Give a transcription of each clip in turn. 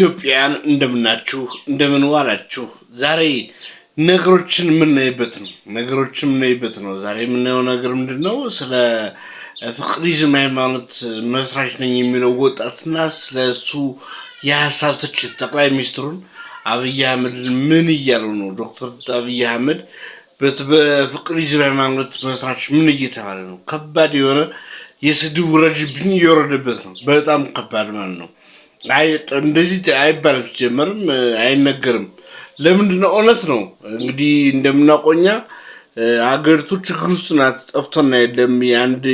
ኢትዮጵያውያን እንደምናችሁ እንደምን ዋላችሁ። ዛሬ ነገሮችን የምናይበት ነው። ነገሮችን የምናይበት ነው። ዛሬ የምናየው ነገር ምንድን ነው? ስለ ፍቅሪዝም ሃይማኖት መስራች ነኝ የሚለው ወጣትና ስለ እሱ የሀሳብ ትችት ጠቅላይ ሚኒስትሩን አብይ አህመድ ምን እያሉ ነው? ዶክተር አብይ አህመድ በፍቅሪዝም ሃይማኖት መስራች ምን እየተባለ ነው? ከባድ የሆነ የስድብ ረጅብን እየወረደበት ነው። በጣም ከባድ ማለት ነው። እንደዚህ አይባልም፣ ጀመርም አይነገርም። ለምንድነው? እውነት ነው እንግዲህ እንደምናቆኛ አገሪቱ ችግር ውስጥ ናት። ጠፍቶና የለም የአንድ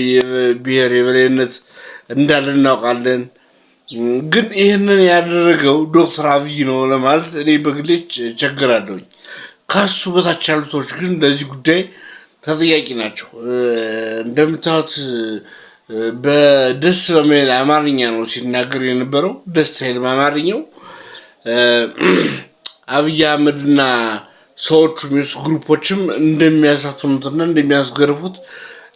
ብሔር የበላይነት እንዳለ እናውቃለን። ግን ይህንን ያደረገው ዶክተር አብይ ነው ለማለት እኔ በግሌ ቸግራለሁኝ። ከሱ በታች ያሉ ሰዎች ግን ለዚህ ጉዳይ ተጠያቂ ናቸው እንደምታዩት በደስ በሚል አማርኛ ነው ሲናገር የነበረው። ደስ ሳይል በአማርኛው አብይ አህመድና ሰዎቹ ሚስ ግሩፖችም እንደሚያሳፍኑትና እንደሚያስገርፉት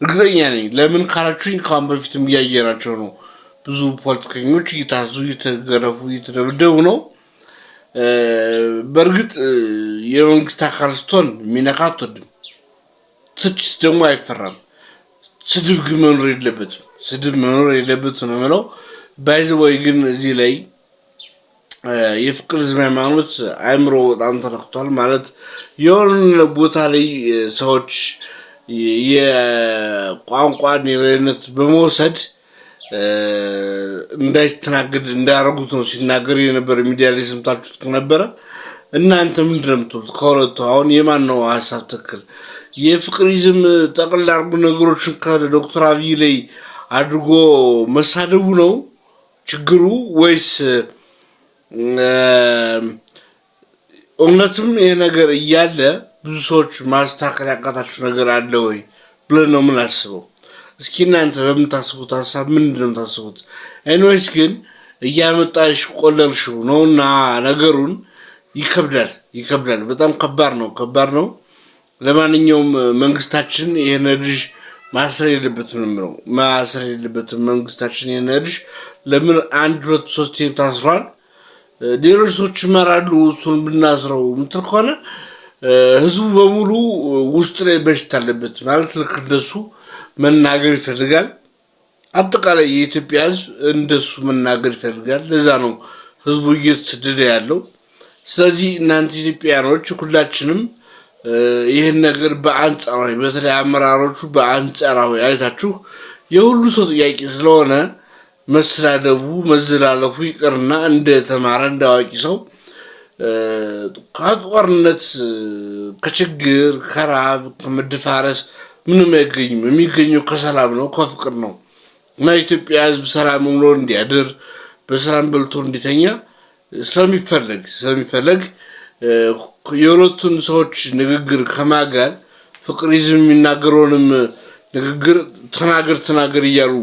እርግጠኛ ነኝ። ለምን ካላችሁኝ ከአሁን በፊትም እያየናቸው ነው። ብዙ ፖለቲከኞች እየታዙ እየተገረፉ እየተደበደቡ ነው። በእርግጥ የመንግስት አካል ስትሆን ሚነካ አትወድም። ትችት ደግሞ አይፈራም። ስድብ ግን መኖር የለበትም። ስድብ መኖር የለበት ነው የምለው። ባይዘወይ ግን እዚህ ላይ የፍቅር ዝም ሃይማኖት አእምሮ በጣም ተነክቷል። ማለት የሆነ ቦታ ላይ ሰዎች የቋንቋን የበላይነት በመውሰድ እንዳይስተናገድ እንዳያረጉት ነው ሲናገር የነበረ ሚዲያ ላይ ሰምታችሁት ነበረ። እናንተ ምንድን ነው የምትሉት? ከሁለቱ አሁን የማን ነው ሀሳብ ትክክል? የፍቅሪዝም ይዝም ጠቅልል አድርጎ ነገሮችን ከዶክተር አብይ ላይ አድርጎ መሳደቡ ነው ችግሩ ወይስ እውነትም ይሄ ነገር እያለ ብዙ ሰዎች ማስተካከል ያቃታችሁ ነገር አለ ወይ ብለን ነው የምናስበው። እስኪ እናንተ በምታስቡት ሀሳብ ምንድን ነው የምታስቡት? ኤኒዌይስ ግን እያመጣሽ ቆለልሽው ነውና ነገሩን ይከብዳል፣ ይከብዳል። በጣም ከባድ ነው፣ ከባድ ነው። ለማንኛውም መንግስታችን ይህን ልጅ ማሰር የለበትም ነው ማሰር የለበትም። መንግስታችን የነርሽ ለምን አንድ ሁለት ሶስት ታስሯል፣ ሌሎች ሰዎች ይመራሉ። እሱን ብናስረው ምትል ከሆነ ህዝቡ በሙሉ ውስጥ ላይ በሽታ አለበት ማለት ልክ እንደሱ መናገር ይፈልጋል። አጠቃላይ የኢትዮጵያ ህዝብ እንደሱ መናገር ይፈልጋል። ለዛ ነው ህዝቡ እየተሰደደ ያለው። ስለዚህ እናንተ ኢትዮጵያኖች ሁላችንም ይህን ነገር በአንጻራዊ በተለይ አመራሮቹ በአንጻራዊ አይታችሁ የሁሉ ሰው ጥያቄ ስለሆነ መሰዳደቡ መዘላለፉ ይቅርና እንደተማረ እንዳዋቂ ሰው ከጦርነት ከችግር ከራብ ከመደፋረስ ምንም አይገኝም። የሚገኘው ከሰላም ነው፣ ከፍቅር ነው እና ኢትዮጵያ ሕዝብ ሰላም ምሎ እንዲያድር በሰላም በልቶ እንዲተኛ ስለሚፈለግ ስለሚፈለግ የሁለቱን ሰዎች ንግግር ከማጋል ፍቅሪዝም የሚናገረውንም ንግግር ተናገር ተናገር እያሉ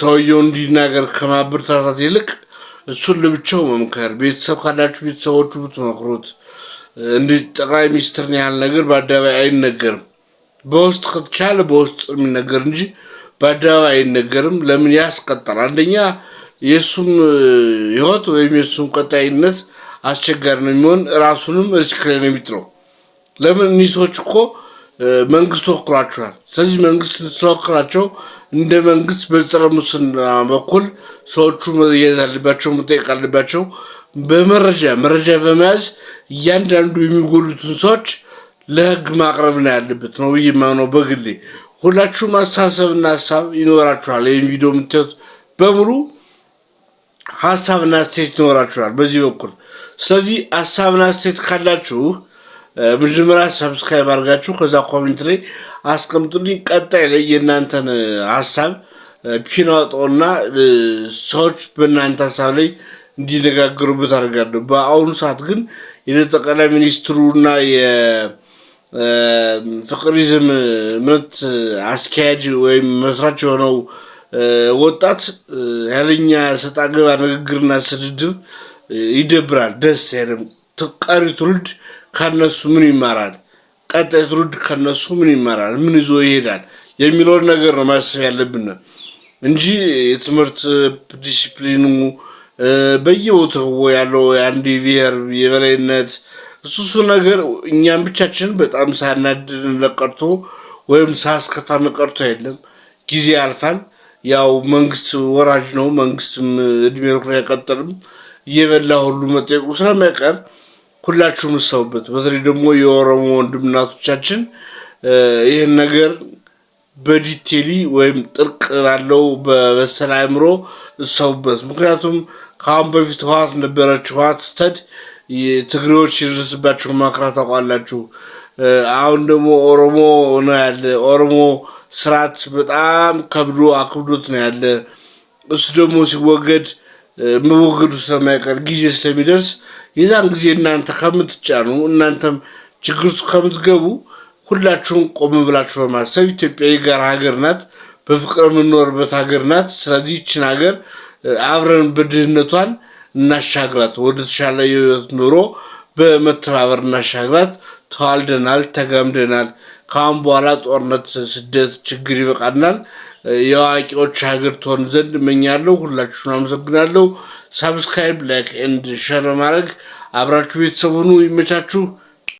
ሰውየው እንዲናገር ከማበረታታት ይልቅ እሱን ለብቻው መምከር፣ ቤተሰብ ካላችሁ ቤተሰቦቹ ብትመክሩት፣ እንደ ጠቅላይ ሚኒስትርን ያህል ነገር በአደባባይ አይነገርም። በውስጥ ከተቻለ በውስጥ የሚነገር እንጂ በአደባባይ አይነገርም። ለምን ያስቀጣል? አንደኛ የእሱም ህይወት ወይም የእሱም ቀጣይነት አስቸጋሪ ነው የሚሆን ራሱንም ሪስክ ላይ ነው የሚጥለው። ለምን እኒህ ሰዎች እኮ መንግስት ተወክሯቸዋል። ስለዚህ መንግስት ስተወክራቸው እንደ መንግስት በጸረ ሙስና በኩል ሰዎቹ መያዝ አለባቸው፣ መጠየቅ አለባቸው። በመረጃ መረጃ በመያዝ እያንዳንዱ የሚጎሉትን ሰዎች ለህግ ማቅረብ ነው ያለበት ነው ብዬ ማምነው በግሌ። ሁላችሁም አስተሳሰብና ሀሳብ ይኖራችኋል። ይህን ቪዲዮ የምታዩት በሙሉ ሀሳብና አስተያየት ይኖራችኋል በዚህ በኩል ስለዚህ ሀሳብና አስተያየት ካላችሁ መጀመሪያ ሰብስክራይብ አድርጋችሁ ከዛ ኮሜንት ላይ አስቀምጡልኝ። ቀጣይ ላይ የእናንተን ሀሳብ ፒናጦና ሰዎች በእናንተ ሀሳብ ላይ እንዲነጋገሩበት አድርጋለሁ። በአሁኑ ሰዓት ግን የጠቅላይ ሚኒስትሩና የፍቅሪዝም እምነት አስኪያጅ ወይም መስራች የሆነው ወጣት ያለኛ ሰጣገባ ንግግርና ስድድብ ይደብራል። ደስ አይልም። ቀሪ ትውልድ ከነሱ ምን ይማራል? ቀጣይ ትውልድ ከነሱ ምን ይማራል? ምን ይዞ ይሄዳል የሚለውን ነገር ነው ማሰብ ያለብን እንጂ የትምህርት ዲሲፕሊኑ በየቦታው ያለው የአንድ ብሔር የበላይነት እሱ እሱ ነገር እኛም ብቻችን በጣም ሳናድድን ቀርቶ ወይም ሳስከፋን ቀርቶ የለም። ጊዜ ያልፋል። ያው መንግስት ወራጅ ነው። መንግስትም እድሜ ልኩን አይቀጥልም። እየበላ ሁሉ መጠየቁ ስለማይቀር ሁላችሁም እሰውበት። በተለይ ደግሞ የኦሮሞ ወንድም እናቶቻችን ይህን ነገር በዲቴሊ ወይም ጥልቅ ባለው በበሰለ አእምሮ እሰውበት። ምክንያቱም ከአሁን በፊት ህወሓት ነበረች። ህወሓት ስተድ ትግሬዎች የደረስባቸው መከራ ታውቃላችሁ። አሁን ደግሞ ኦሮሞ ነው ያለ። ኦሮሞ ስርዓት በጣም ከብዶ አክብዶት ነው ያለ። እሱ ደግሞ ሲወገድ መወገዱ ስለማይቀር ጊዜ ስለሚደርስ የዛን ጊዜ እናንተ ከምትጫኑ እናንተም ችግር ውስጥ ከምትገቡ ሁላችሁም ቆም ብላችሁ በማሰብ ኢትዮጵያ የጋራ ሀገር ናት፣ በፍቅር የምንኖርበት ሀገር ናት። ስለዚህ ይችን ሀገር አብረን በድህነቷን እናሻግራት፣ ወደ ተሻለ የህይወት ኑሮ በመተባበር እናሻግራት። ተዋልደናል፣ ተጋምደናል። ከአሁን በኋላ ጦርነት፣ ስደት፣ ችግር ይበቃናል። የአዋቂዎች ሀገር ትሆን ዘንድ እመኛለሁ። ሁላችሁን አመሰግናለሁ። ሳብስክራይብ፣ ላይክ ኤንድ ሸር በማድረግ አብራችሁ ቤተሰብ ሁኑ። ይመቻችሁ።